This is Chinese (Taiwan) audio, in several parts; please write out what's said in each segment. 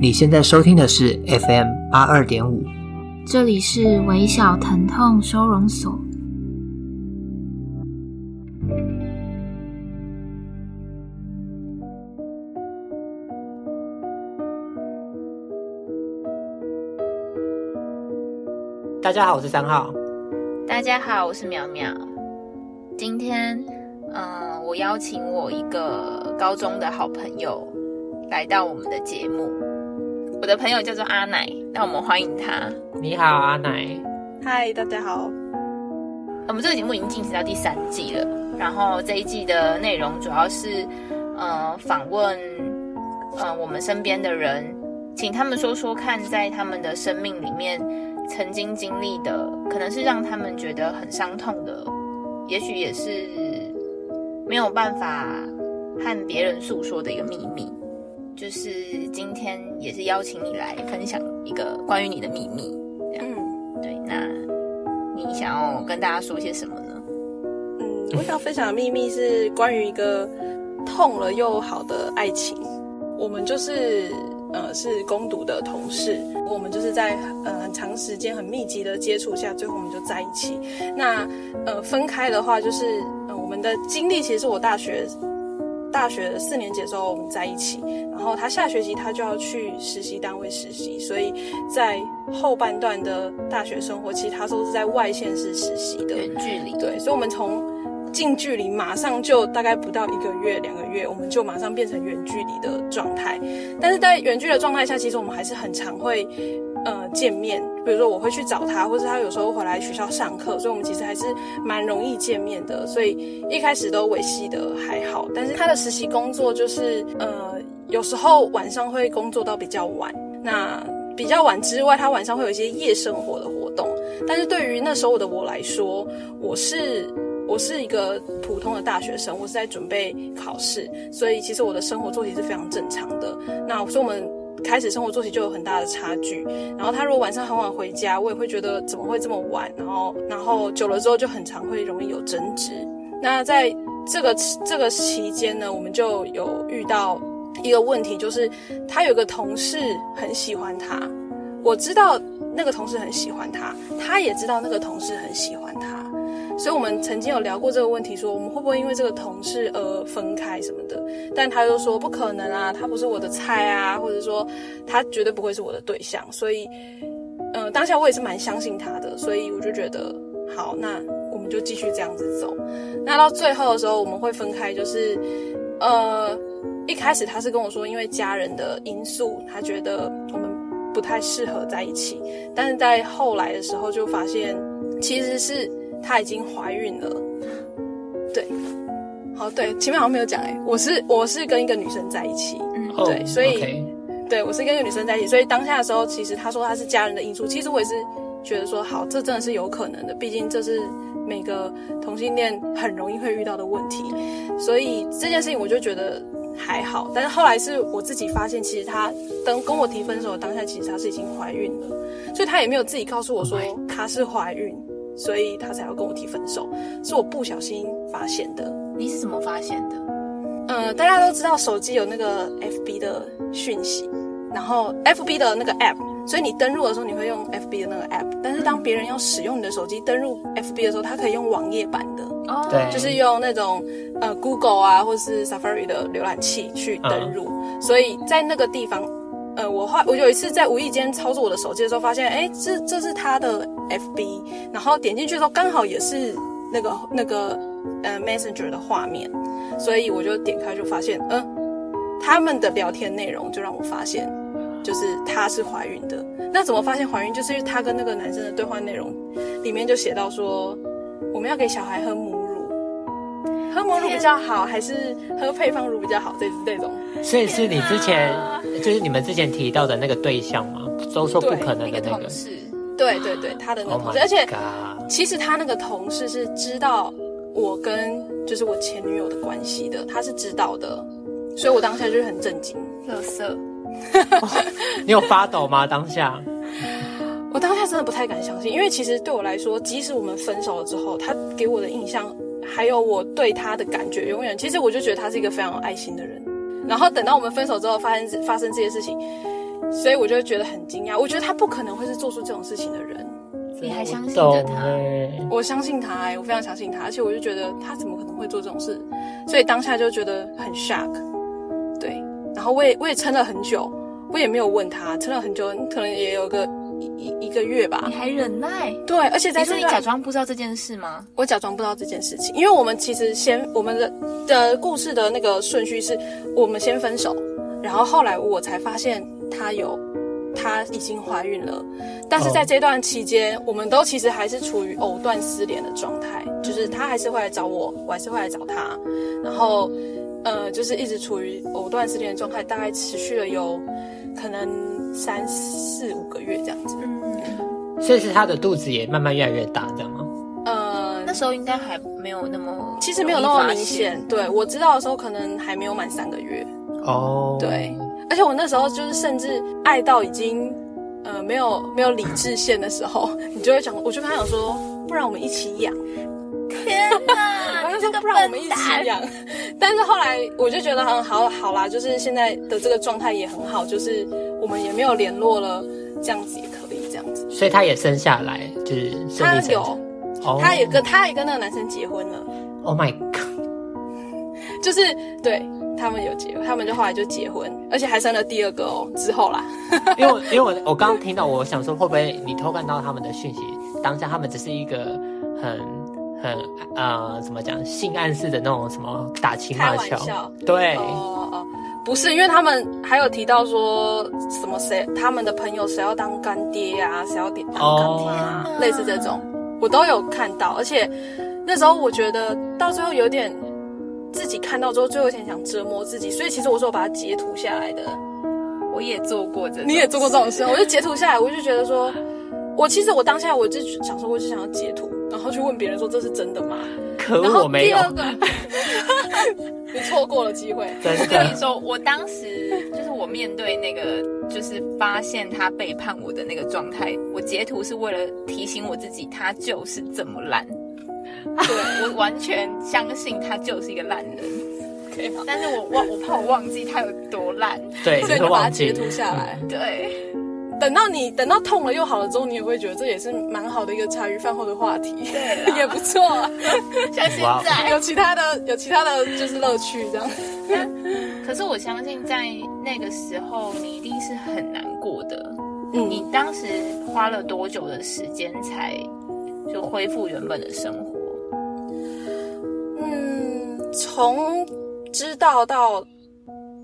你現在收聽的是 FM 八二點五，這裡是微小疼痛收容所。大家好，我是三號。大家好，我是苗苗。今天，嗯，我邀請我一個高中的好朋友來到我們的節目。我的朋友叫做阿奶，那我們歡迎他。你好，阿奶。嗨，大家好。我們這個節目已經進行到第三季了，然後這一季的內容主要是，呃，訪問，呃，我們身邊的人，請他們說說看，在他們的生命裡面曾經經歷的，可能是讓他們覺得很傷痛的，也許也是沒有辦法和別人訴說的一個秘密。就是今天也是邀請你來分享一個關於你的秘密，嗯，對，那你想要跟大家說些什麼呢？嗯，我想分享的秘密是關於一個痛了又好的愛情。我們就是呃是工讀的同事，我們就是在呃很長時間很密集的接觸下，最後我們就在一起。那呃分開的話，就是，呃，我們的經歷，其實是我大學。大學四年級的時候，我們在一起。然後他下學期他就要去實習單位實習，所以在後半段的大學生活期，其實他都是在外縣市實習的。遠距離，對。所以，我們從。近距離馬上就大概不到一個月兩個月，我們就馬上變成遠距離的狀態。但是在遠距離的狀態下，其實我們還是很常會呃見面。比如說我會去找他，或是他有時候回來學校上課，所以我們其實還是蠻容易見面的。所以一開始都維繫的還好。但是他的實習工作就是呃有時候晚上會工作到比較晚。那比較晚之外，他晚上會有一些夜生活的活動。但是對於那時候的我來說，我是。我是一個普通的大學生，我是在準備考試，所以其實我的生活作息是非常正常的。那所以我們開始生活作息就有很大的差距。然後他如果晚上很晚回家，我也會覺得怎麼會這麼晚？然後然後久了之後就很常會容易有爭執。那在這個這個期間呢，我們就有遇到一個問題，就是他有個同事很喜歡他，我知道那個同事很喜歡他，他也知道那個同事很喜歡他。所以我們曾經有聊過這個問題，說我們會不會因為這個同事而分開什麼的，但他就說不可能啊，他不是我的菜啊，或者說他絕對不會是我的對象。所以，嗯、呃，當下我也是蠻相信他的，所以我就覺得好，那我們就繼續這樣子走。那到最後的時候，我們會分開，就是呃，一開始他是跟我說，因為家人的因素，他覺得我們不太適合在一起，但是在後來的時候就發現其實是。她已經懷孕了，對，好、oh, 對，前面好像沒有講哎、欸，我是我是跟一個女生在一起，嗯，對，oh, 所以、okay. 對我是跟一個女生在一起，所以當下的時候，其實他說他是家人的因素，其實我也是覺得說，好，這真的是有可能的，畢竟這是每個同性戀很容易會遇到的問題，所以這件事情我就覺得還好，但是後來是我自己發現，其實他當跟我提分手當下，其實他是已經懷孕了，所以他也沒有自己告訴我說他是懷孕。Oh 所以他才要跟我提分手，是我不小心發現的。你是怎麼發現的？呃，大家都知道手機有那個 FB 的訊息，然後 FB 的那個 App，所以你登錄的時候你會用 FB 的那個 App，但是當別人要使用你的手機登錄 FB 的時候，他可以用網頁版的，哦，對，就是用那種呃 Google 啊或者是 Safari 的瀏覽器去登錄，嗯，所以在那個地方。呃，我畫我有一次在無意間操作我的手機的時候，發現，哎、欸，這是這是他的 FB，然後點進去的時候，剛好也是那個那個呃 Messenger 的畫面，所以我就點開就發現，嗯、呃，他們的聊天內容就讓我發現，就是她是懷孕的。那怎麼發現懷孕？就是因為她跟那個男生的對話內容裡面就寫到說，我們要給小孩喝母乳，喝母乳比較好，啊、還是喝配方乳比較好？這這種，所以是你之前、啊。就是你們之前提到的那個對象嘛，都說不可能的那個，是、那個，對對對、啊，他的那個同事，oh、而且其實他那個同事是知道我跟就是我前女友的關係的，他是知道的，所以我當下就是很震驚，垃圾， 你有發抖嗎？當下， 我當下真的不太敢相信，因為其實對我來說，即使我們分手了之後，他給我的印象還有我對他的感覺，永遠，其實我就覺得他是一個非常有愛心的人。然後等到我們分手之後發生發生這些事情，所以我就覺得很驚訝。我覺得他不可能會是做出這種事情的人，你還相信着他？我、欸，我相信他、欸，我非常相信他。而且我就覺得他怎麼可能會做這種事，所以當下就覺得很 shock。對，然後我也我也撐了很久，我也沒有問他，撐了很久，可能也有一個。一一個月吧，你還忍耐？對，而且在這裡假裝不知道這件事嗎？我假裝不知道這件事情，因為我們其實先我們的的故事的那個順序是，我們先分手，然後後來我才發現他有，他已經懷孕了。但是在這段期間，我們都其實還是處於藕斷絲連的狀態，就是他還是會來找我，我還是會來找他，然後呃，就是一直處於藕斷絲連的狀態，大概持續了有可能。三四五個月這樣子，嗯，所以是他的肚子也慢慢越來越大，這樣嗎？呃，那時候應該還沒有那麼，其實沒有那麼明顯。對，我知道的時候，可能還沒有滿三個月。哦，對，而且我那時候就是甚至愛到已經，呃，沒有沒有理智線的時候， 你就會講，我就跟他講說，不然我們一起養。天哪！完全都不讓我們一起養， 但是後來我就覺得，嗯，好好啦，就是現在的這個狀態也很好，就是我們也沒有聯絡了，這樣子也可以，這樣子所。所以他也生下來，就是生他有，oh, 他也跟他也跟那個男生結婚了。Oh my god！ 就是對，他們有結，他們就後來就結婚，而且還生了第二個哦。之後啦， 因為因為我 我剛剛聽到，我想說，會不會你偷看到他們的訊息？當下他們只是一個很。很、嗯、呃，怎麼講，性暗示的那種什麼打情罵俏開玩笑，對，哦哦，哦，不是，因為他們還有提到說什麼誰他們的朋友誰要當乾爹呀、啊，誰要點當乾爹啊、哦，類似這種、啊，我都有看到，而且那時候我覺得到最後有點自己看到之後，最後一天想折磨自己，所以其實我是有把它截圖下來的，我也做過這種事，你也做過這種事， 我就截圖下來，我就覺得說我其實我當下我就想說，我就想要截圖。然後去問別人說，這是真的嗎？可我沒有。第二個 你錯過了機會。真的。我跟你說，我當時就是我面對那個，就是發現他背叛我的那個狀態，我截圖是為了提醒我自己，他就是這麼爛。對，我完全相信他就是一個爛人， 但是我忘，我怕我忘記他有多爛，對，所以你把他截圖下來，嗯、對。等到你等到痛了又好了之後，你也會覺得這也是蠻好的一個茶餘飯後的話題， 也不錯、啊。像現在有其他的有其他的就是樂趣這樣、啊。可是我相信在那個時候你一定是很難過的、嗯。你當時花了多久的時間才就恢復原本的生活？嗯，從知道到。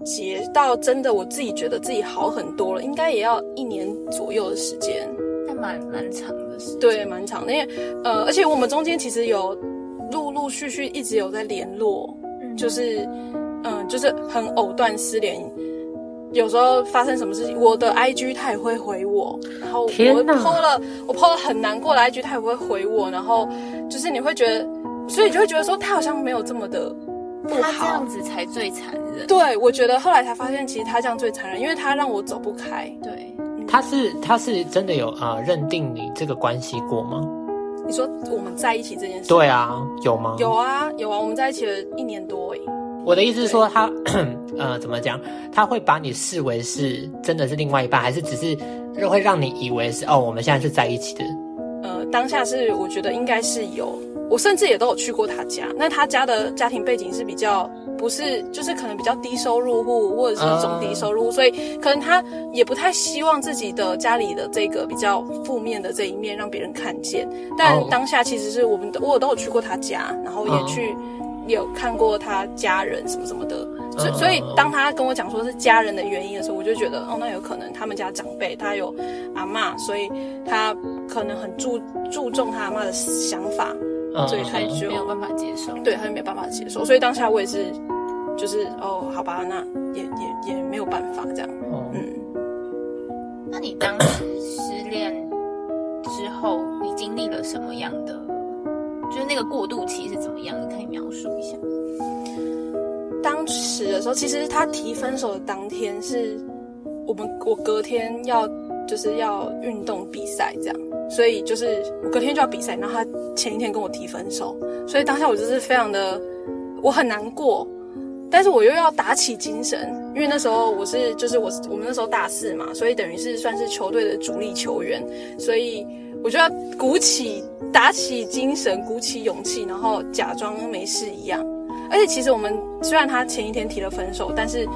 結到真的，我自己覺得自己好很多了，應該也要一年左右的時間，那蠻蠻長的時間，對，蠻長的。因為呃，而且我們中間其實有陸陸續續一直有在聯絡、嗯，就是嗯、呃，就是很藕斷絲連。有時候發生什麼事情，我的 I G 他也會回我，然後我拋了我拋了很難過的 I G，他也不會回我，然後就是你會覺得，所以你就會覺得說他好像沒有這麼的。他這樣子才最殘忍。對，我覺得後來才發現，其實他這樣最殘忍，因為他讓我走不開。對，他是他是真的有啊、呃、認定你這個關係過嗎？你說我們在一起這件事，對啊，有嗎？有啊有啊，我們在一起了一年多哎。我的意思是說他，他 呃怎麼講？他會把你視為是真的是另外一半，還是只是會讓你以為是哦我們現在是在一起的？呃，當下是我覺得應該是有。我甚至也都有去過他家，那他家的家庭背景是比較不是，就是可能比較低收入戶或者是中低收入，uh... 所以可能他也不太希望自己的家裡的這個比較負面的這一面讓別人看見。但當下其實是我們都我都有去過他家，然後也去、uh... 也有看過他家人什麼什麼的，所以所以當他跟我講說是家人的原因的時候，我就覺得哦，那有可能他們家長輩，他有阿嬤，所以他可能很注注重他阿嬤的想法。所以他就沒有辦法接受，oh, okay. 對，對他就沒有辦法接受，所以當下我也是，就是哦，好吧，那也也也沒有辦法這樣，oh. 嗯。那你當時失戀之後，你經歷了什麼樣的？就是那個過渡期是怎麼樣？你可以描述一下。當時的時候，其實他提分手的當天是我們，我隔天要就是要運動比賽這樣。所以就是我隔天就要比賽，然後他前一天跟我提分手，所以當下我就是非常的我很難過，但是我又要打起精神，因為那時候我是就是我我們那時候大四嘛，所以等於是算是球隊的主力球員，所以我就要鼓起打起精神，鼓起勇氣，然後假裝沒事一樣。而且其實我們雖然他前一天提了分手，但是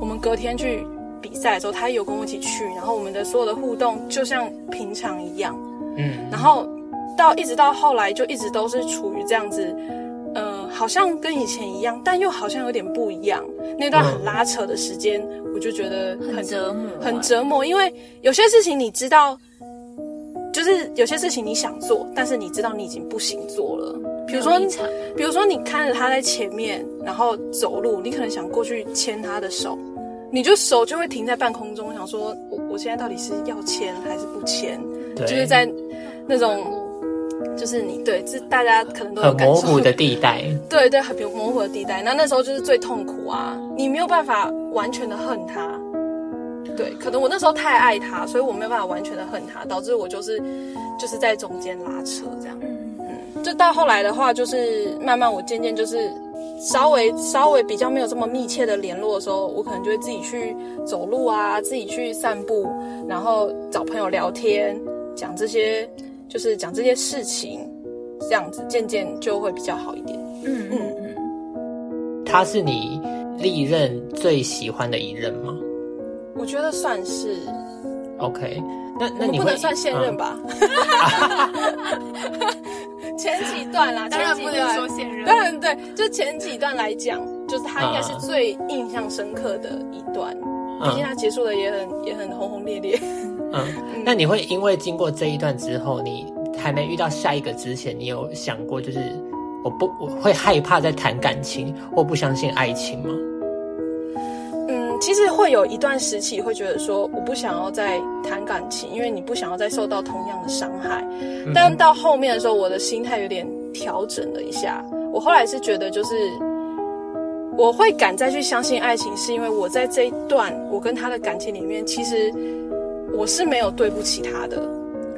我們隔天去比賽的時候，他也有跟我一起去，然後我們的所有的互動就像平常一樣。嗯，然後到一直到後來，就一直都是處於這樣子，嗯、呃，好像跟以前一樣，但又好像有點不一樣。那段很拉扯的時間，我就覺得很，很折磨，很折磨。因為有些事情你知道，就是有些事情你想做，但是你知道你已經不行做了。比如說，比如說你看着他在前面，然後走路，你可能想過去牽他的手。你就手就會停在半空中，想說，我我現在到底是要簽還是不簽？就是在那種，就是你對，這大家可能都有感受，很模糊的地帶。對，對對，很模糊的地帶。那那時候就是最痛苦啊，你沒有辦法完全的恨他。對，可能我那時候太愛他，所以我沒有辦法完全的恨他，導致我就是就是在中間拉扯這樣。嗯嗯。就到後來的話，就是慢慢我漸漸就是。稍微稍微比較沒有這麼密切的聯絡的時候，我可能就會自己去走路啊，自己去散步，然後找朋友聊天，講這些，就是講這些事情，這樣子漸漸就會比較好一點。嗯嗯嗯。他是你歷任最喜歡的一任嗎？我覺得算是。OK，那那你不能算現任吧？啊 前幾段啦，嗯、當然不能說現任。當然對、嗯，就前幾段來講，嗯，就是他應該是最印象深刻的一段，畢竟他結束的也很也很轟轟烈烈。嗯、嗯、嗯。嗯，那你會因為經過這一段之後，你還沒遇到下一個之前，你有想過就是我不我會害怕再談感情，或不相信愛情嗎？其實會有一段時期，會覺得說我不想要再談感情，因為你不想要再受到同樣的傷害。但到後面的時候，我的心態有點調整了一下。我後來是覺得，就是我會敢再去相信愛情，是因為我在這一段我跟他的感情裡面，其實我是沒有對不起他的。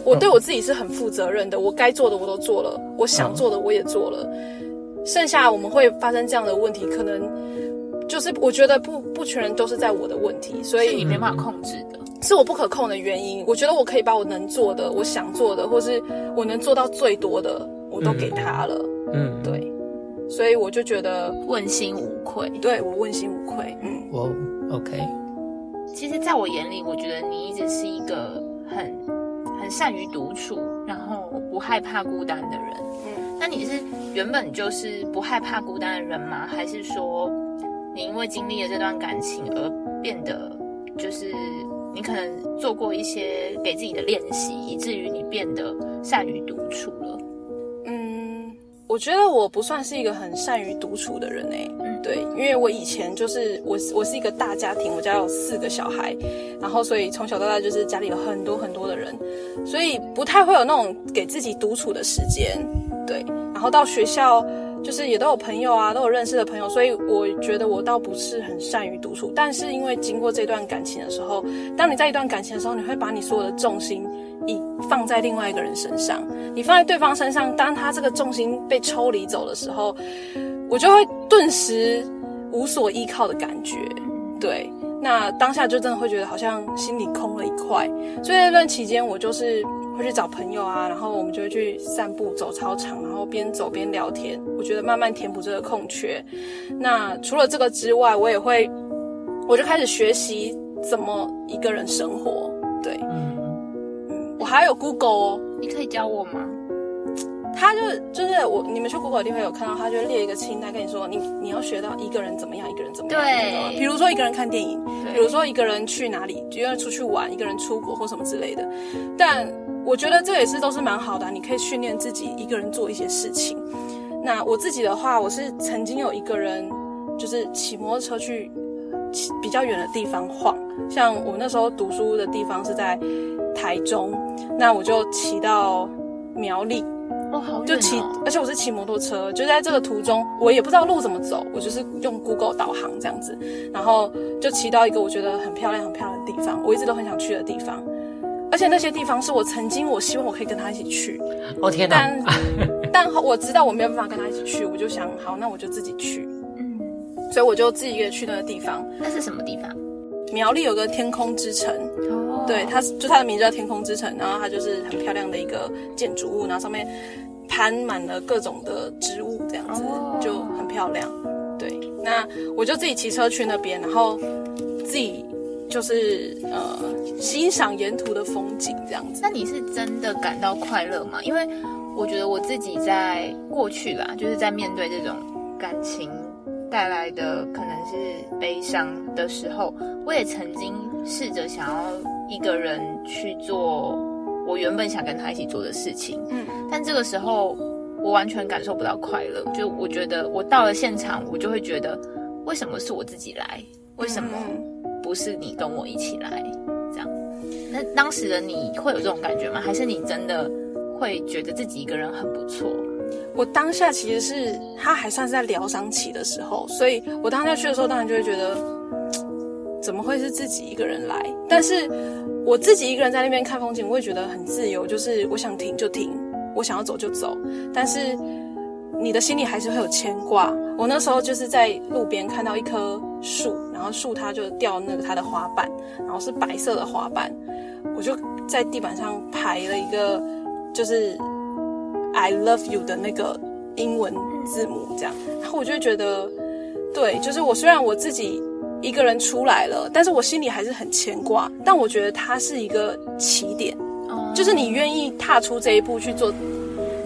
我對我自己是很負責任的，我該做的我都做了，我想做的我也做了。剩下我們會發生這樣的問題，可能。就是我覺得不不全人都是在我的問題，所以你沒辦法控制的，是我不可控的原因，嗯。我覺得我可以把我能做的，我想做的，或是我能做到最多的，我都給他了。嗯，嗯，對，所以我就覺得問心無愧。對，我問心無愧。嗯，我，OK。其實，在我眼裡，我覺得你一直是一個很很善於獨處，然後不害怕孤單的人。嗯，那你是原本就是不害怕孤單的人嗎？還是說？你因為經歷了這段感情而變得，就是你可能做過一些給自己的練習，以至於你變得善於獨處了。嗯，我覺得我不算是一個很善於獨處的人欸。嗯，對，因為我以前就是我是我是一個大家庭，我家有四個小孩，然後所以從小到大就是家裡有很多很多的人，所以不太會有那種給自己獨處的時間。對，然後到學校。就是也都有朋友啊，都有認識的朋友，所以我覺得我倒不是很善於獨處。但是因為經過這段感情的時候，當你在一段感情的時候，你會把你所有的重心一放在另外一個人身上，你放在對方身上，當他這個重心被抽離走的時候，我就會頓時無所依靠的感覺。對，那當下就真的會覺得好像心裡空了一塊。所以那段期間我就是。會去找朋友啊，然後我們就會去散步、走操場，然後邊走邊聊天。我覺得慢慢填補這個空缺。那除了這個之外，我也會，我就開始學習怎麼一個人生活。對，嗯，嗯，我還有 Google 哦，你可以教我嗎？他就是就是我，你們去 Google 的地方有看到，他就列一個清單，跟你說你你要學到一個人怎麼樣，一個人怎麼樣。對，比如說一個人看電影，對，比如說一個人去哪裡，一個人出去玩，一個人出國或什麼之類的，但。我覺得這也是都是蠻好的啊，你可以訓練自己一個人做一些事情。那我自己的話，我是曾經有一個人就是騎摩托車去比較遠的地方晃，像我那時候讀書的地方是在台中，那我就騎到苗栗，哦好遠哦，就騎，而且我是騎摩托車，就在這個途中我也不知道路怎麼走，我就是用 Google 導航這樣子，然後就騎到一個我覺得很漂亮、很漂亮的地方，我一直都很想去的地方。而且那些地方是我曾經我希望我可以跟他一起去，我、oh, 天吶！但 但我知道我沒有辦法跟他一起去，我就想好，那我就自己去。嗯，所以我就自己一個去那個地方。那是什麼地方？苗栗有個天空之城。Oh. 對，它就它的名字叫天空之城，然後它就是很漂亮的一個建築物，然後上面攀滿了各種的植物，這樣子、oh. 就很漂亮。對，那我就自己騎車去那邊，然後自己。就是呃，欣賞沿途的風景這樣子。那你是真的感到快樂嗎？因為我覺得我自己在過去啦，就是在面對這種感情帶來的可能是悲傷的時候，我也曾經試着想要一個人去做我原本想跟他一起做的事情。嗯，但這個時候我完全感受不到快樂。就我覺得我到了現場，我就會覺得，為什麼是我自己來？嗯，為什麼？不是你跟我一起來，這樣。那當時的你會有這種感覺嗎？還是你真的會覺得自己一個人很不錯？我當下其實是、就是、他還算是在療傷期的時候，所以我當下去的時候，當然就會覺得、嗯、怎麼會是自己一個人來、嗯？但是我自己一個人在那邊看風景，我會覺得很自由，就是我想停就停，我想要走就走。但是你的心裡還是會有牽掛。我那時候就是在路邊看到一顆。樹，然後樹它就掉那個它的花瓣，然後是白色的花瓣。我就在地板上排了一個，就是 I love you 的那個英文字母這樣。然後我就覺得，對，就是我雖然我自己一個人出來了，但是我心裡還是很牽掛。但我覺得它是一個起點，就是你願意踏出這一步去做，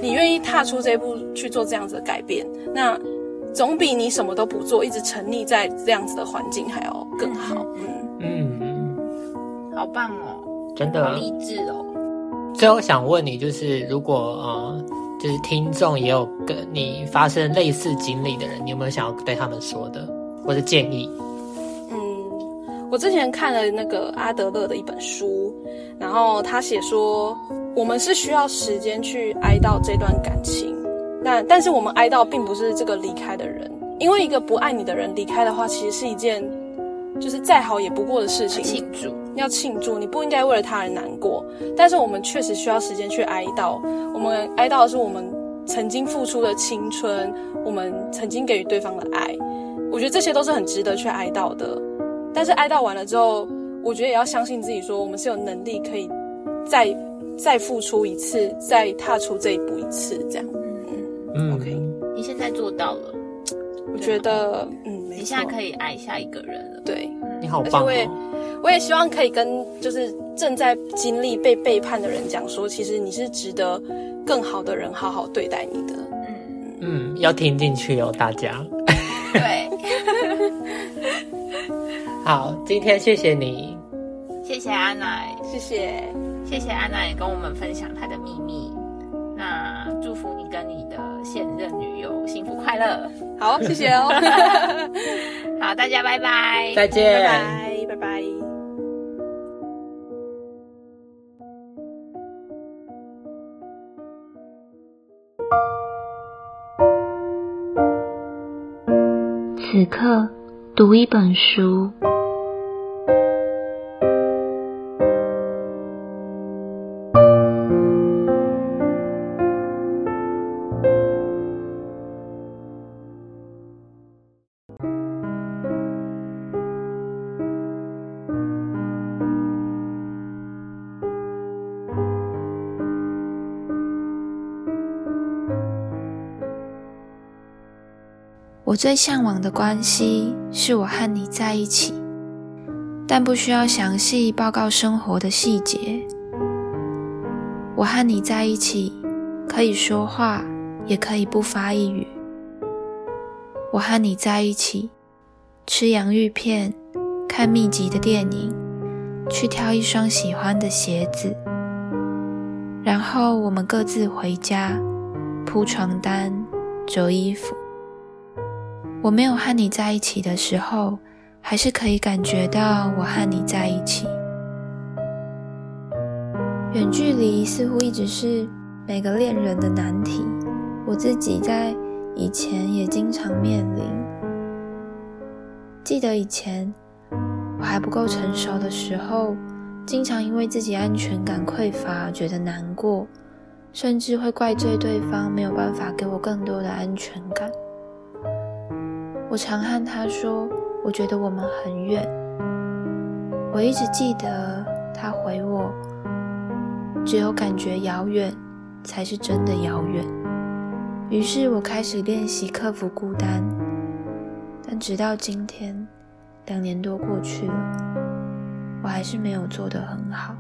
你願意踏出這一步去做這樣子的改變，那。總比你什麼都不做，一直沉溺在這樣子的環境還要更好。嗯嗯，嗯，好棒哦，真的啊，好勵志哦。最後想問你，就是如果呃，就是聽眾也有跟你發生類似經歷的人，你有沒有想要對他們說的或者建議？嗯，我之前看了那個阿德勒的一本書，然後他寫說，我們是需要時間去哀悼這段感情。那但是我們哀悼並不是這個離開的人，因為一個不愛你的人離開的話，其實是一件就是再好也不過的事情。慶祝要慶祝，你不應該為了他而難過。但是我們確實需要時間去哀悼。我們哀悼的是我們曾經付出的青春，我們曾經給予對方的愛。我覺得這些都是很值得去哀悼的。但是哀悼完了之後，我覺得也要相信自己說，說我們是有能力可以再再付出一次，再踏出這一步一次這樣。嗯，OK，你現在做到了，我覺得，嗯沒錯，你現在可以愛下一個人了。對，你好棒！我也、嗯，我也希望可以跟就是正在經歷被背叛的人講說、嗯，其實你是值得更好的人好好對待你的。嗯嗯，嗯，要聽進去哦，大家。 對， 好，今天謝謝你，嗯、謝謝安娜，謝謝，謝謝安娜也跟我們分享她的秘密。那祝福你跟你的。幸福快樂。好，謝謝哦， 好，大家拜拜，再見，拜拜，拜拜。此刻讀一本書。最嚮往的關係是我和你在一起，但不需要詳細報告生活的細節。我和你在一起，可以說話，也可以不發一語。我和你在一起，吃洋芋片，看密集的電影，去挑一雙喜歡的鞋子，然後我們各自回家，鋪床單，摺衣服。我沒有和你在一起的時候，還是可以感覺到我和你在一起。遠距離似乎一直是每個戀人的難題，我自己在以前也經常面臨。記得以前我還不夠成熟的時候，經常因為自己安全感匱乏而覺得難過，甚至會怪罪對方沒有辦法給我更多的安全感。我常和他說，我覺得我們很遠。我一直記得他回我，只有感覺遙遠，才是真的遙遠。於是我開始練習克服孤單，但直到今天，兩年多過去了，我還是沒有做得很好。